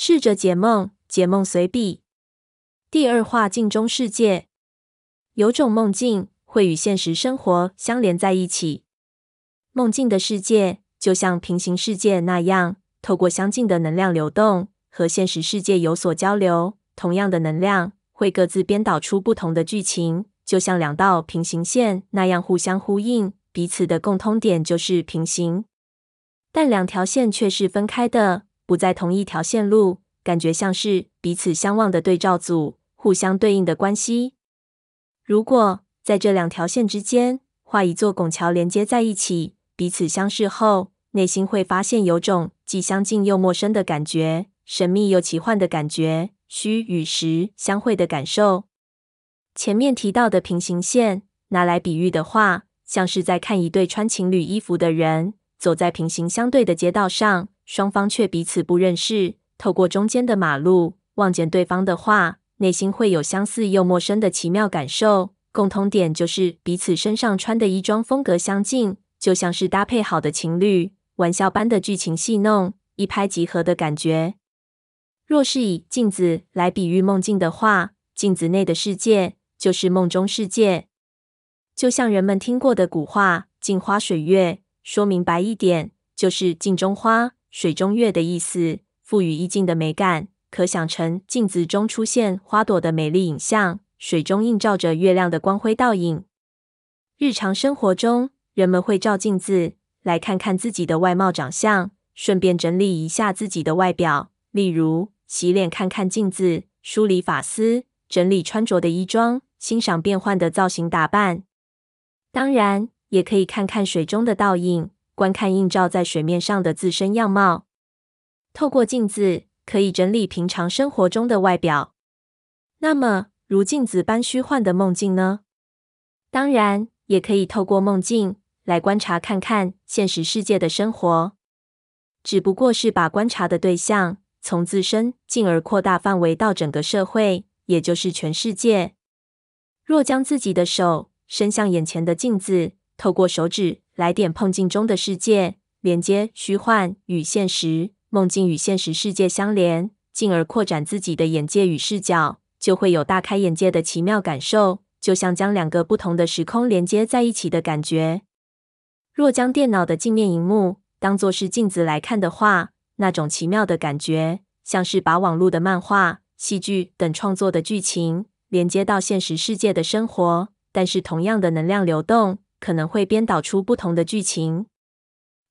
試着解夢，解夢隨筆。第二話鏡中世界。有種夢境會與現實生活相連在一起。夢境的世界就像平行世界那樣，透過相近的能量流動和現實世界有所交流。同樣的能量會各自編導出不同的劇情，就像兩道平行線那樣互相呼應。彼此的共通點就是平行，但兩條線卻是分開的。不在同一條線路，感覺像是彼此相望的對照組，互相對應的關係。如果在這兩條線之間畫一座拱橋連接在一起，彼此相識後，內心會發現有種既相近又陌生的感覺，神秘又奇幻的感覺，虛與實相會的感受。前面提到的平行線，拿來比喻的話，像是在看一對穿情侶衣服的人走在平行相對的街道上。雙方卻彼此不認識，透過中間的馬路望見對方的話，內心會有相似又陌生的奇妙感受。共通點就是彼此身上穿的衣裝風格相近，就像是搭配好的情侶。玩笑般的劇情戲弄，一拍即合的感覺。若是以鏡子來比喻夢境的話，鏡子內的世界就是夢中世界。就像人們聽過的古話“鏡花水月”，說明白一點就是鏡中花。水中月的意思，賦予意境的美感，可想成鏡子中出現花朵的美麗影像，水中映照着月亮的光輝倒影。日常生活中，人們會照鏡子，來看看自己的外貌長相，順便整理一下自己的外表，例如洗臉看看鏡子，梳理髮絲，整理穿着的衣裝，欣賞變換的造型打扮。當然，也可以看看水中的倒影。觀看映照在水面上的自身樣貌，透過鏡子，可以整理平常生活中的外表。那麼，如鏡子般虛幻的夢境呢？當然，也可以透過夢境，來觀察看看現實世界的生活，只不過是把觀察的對象從自身，進而擴大範圍到整個社會，也就是全世界。若將自己的手，伸向眼前的鏡子，透過手指，來點碰鏡中的世界，連接虛幻與現實，夢境與現實世界相連，進而擴展自己的眼界與視角，就會有大開眼界的奇妙感受，就像將兩個不同的時空連接在一起的感覺。若將電腦的鏡面螢幕當作是鏡子來看的話，那種奇妙的感覺，像是把網路的漫畫、戲劇等創作的劇情，連接到現實世界的生活，但是同樣的能量流動。可能會編導出不同的劇情。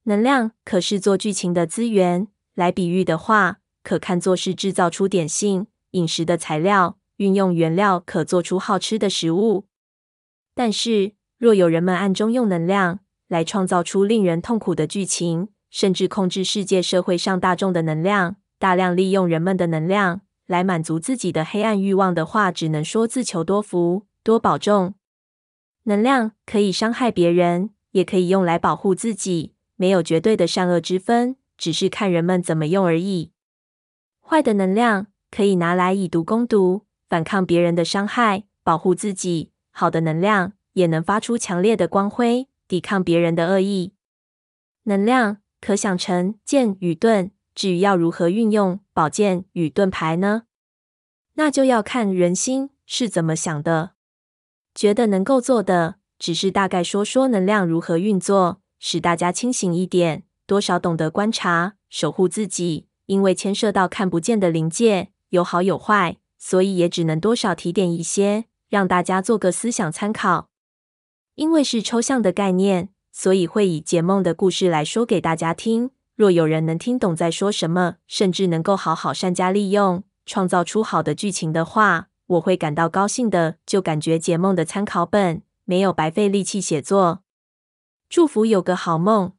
能量可視作劇情的資源，來比喻的話，可看作是製造出點心、飲食的材料。運用原料可做出好吃的食物。但是，若有人們暗中用能量來創造出令人痛苦的劇情，甚至控制世界社會上大眾的能量，大量利用人們的能量來滿足自己的黑暗慾望的話，只能說自求多福，多保重。能量可以傷害別人，也可以用來保護自己。沒有絕對的善惡之分，只是看人們怎麼用而已。壞的能量可以拿來以毒攻毒，反抗別人的傷害，保護自己；好的能量也能發出強烈的光輝，抵抗別人的惡意。能量可想成劍與盾，至於要如何運用寶劍與盾牌呢？那就要看人心是怎麼想的。覺得能夠做的，只是大概說說能量如何運作，使大家清醒一點，多少懂得觀察、守護自己。因為牽涉到看不見的靈界，有好有壞，所以也只能多少提點一些，讓大家做個思想參考。因為是抽象的概念，所以會以解夢的故事來說給大家聽。若有人能聽懂在說什麼，甚至能夠好好善加利用，創造出好的劇情的話。我會感到高興的，就感覺解夢的參考本沒有白費力氣寫作。祝福有個好夢。